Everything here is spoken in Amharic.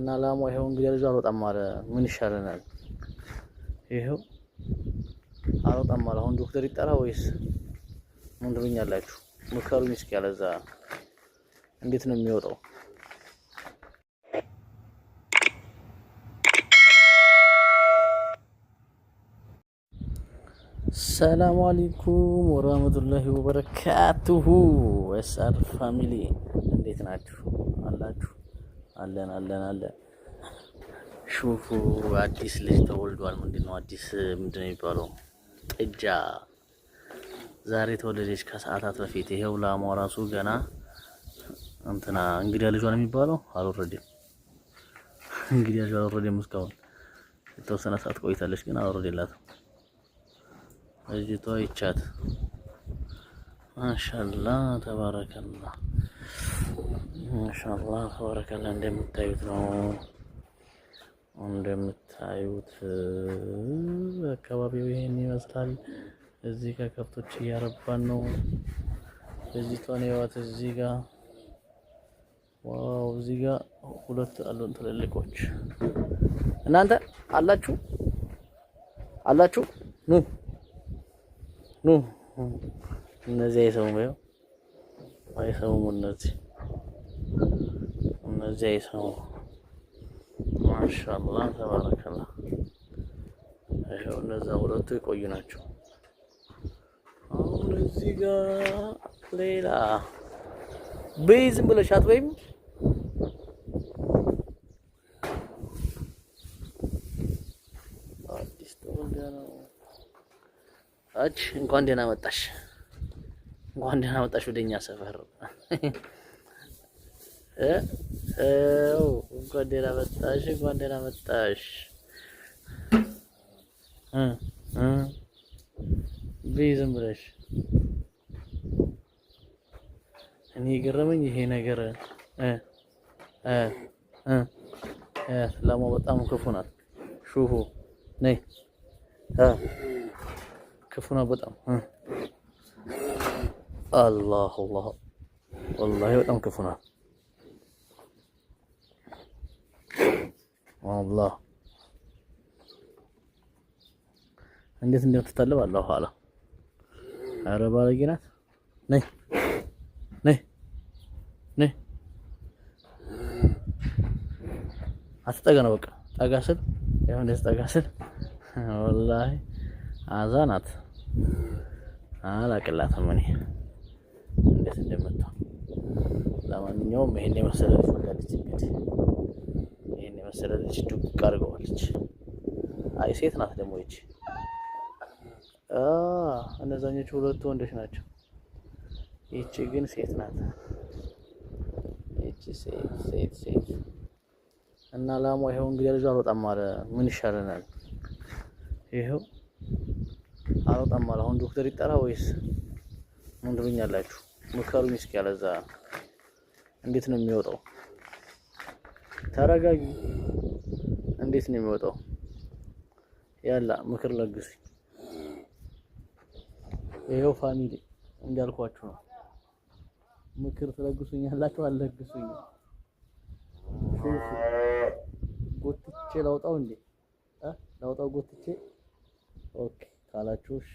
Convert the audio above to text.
እና ላሟ ይሄው እንግዲህ ልጁ አልወጣም አለ። ምን ይሻለናል? ይሄው አልወጣም አለ። አሁን ዶክተር ይጠራ ወይስ ምን ትሉኛላችሁ? ምከሩኝ እስኪ። ያለዛ እንዴት ነው የሚወጣው? ሰላሙ አለይኩም ወራህመቱላሂ ወበረካቱሁ። ወሳር ፋሚሊ እንዴት ናችሁ አላችሁ? አለን አለን አለን። ሹፉ አዲስ ልጅ ተወልዷል። ምንድን ነው አዲስ ምንድን ነው የሚባለው? ጥጃ ዛሬ ተወለደች ከሰዓታት በፊት። ይሄው ላሟ ራሱ ገና እንትና እንግዲያ ልጇ ነው የሚባለው አልወረደም። እንግዲያ ልጇ አልወረደም። እስካሁን የተወሰነ ሰዓት ቆይታለች፣ ግን አልወረደላትም። እጅቷ ይቻት ማሻላ ተባረከላ ማሻአላ ተባረከላ። እንደምታዩት ነው እንደምታዩት አካባቢው ይሄን ይመስላል። እዚህ ጋር ከብቶች እያረባን ነው። ልጅቷን የዋት እዚህ ጋር ዋው፣ እዚህ ጋር ሁለት አሉን ትልልቆች። እናንተ አላችሁ አላችሁ ኑ ኑ እነዚህ አይሰሙም፣ አይሰሙም እነዚህ እነዚያ የሰው ማሻላ ተባረከላ። ይኸው እነዛ ሁለቱ የቆዩ ናቸው። አሁን እዚህ ጋር ሌላ በይ ዝም ብለሻት ወይም አች እንኳን ደህና መጣሽ፣ እንኳን ደህና መጣሽ ወደኛ ሰፈር እንኳን ደህና መጣሽ፣ እንኳን ደህና መጣሽ። ብይ ዝም ብለሽ እኔ የገረመኝ ይሄ ነገር ላሟ በጣም ክፉ ናት። ሹሁ ነይ ክፉ ናት በጣም አላህ አላህ ወላሂ በጣም ክፉ ናት። አላህ እንዴት እንደምትታለብ አላህ ኋላ አረ ባለጌ ናት። ነይ ነይ ነይ አትጠጋ ነው በቃ ጠጋ ስል ይሁን ደስ ጠጋ ስል ወላሂ አዛ ናት። አላቅላትም እኔ እንዴት እንደምትሆን ለማንኛውም ይሄን የመሰለ ፈቃድ የመሰለ ልጅ ዱቅ አድርገዋለች። አይ ሴት ናት ደግሞ ይቺ። እነዛኞቹ ሁለቱ ወንዶች ናቸው። ይቺ ግን ሴት ናት። ይቺ ሴት ሴት ሴት እና ላሟ ይኸው እንግዲህ ልጁ አልወጣም አለ። ምን ይሻለናል? ይኸው አልወጣም አለ። አሁን ዶክተር ይጠራ ወይስ ምን ትሉኛላችሁ? ምከሩኝ እስኪ። ያለዛ እንዴት ነው የሚወጣው? ተረጋጊ። እንዴት ነው የሚወጣው? ያላ ምክር ለግሱኝ። የው ፋሚሊ እንዳልኳችሁ ነው። ምክር ትለግሱኝ ያላችሁ አልለግሱኝ። ጎትቼ ላውጣው እንዴ? ላውጣው ጎትቼ ኦኬ ካላችሁሽ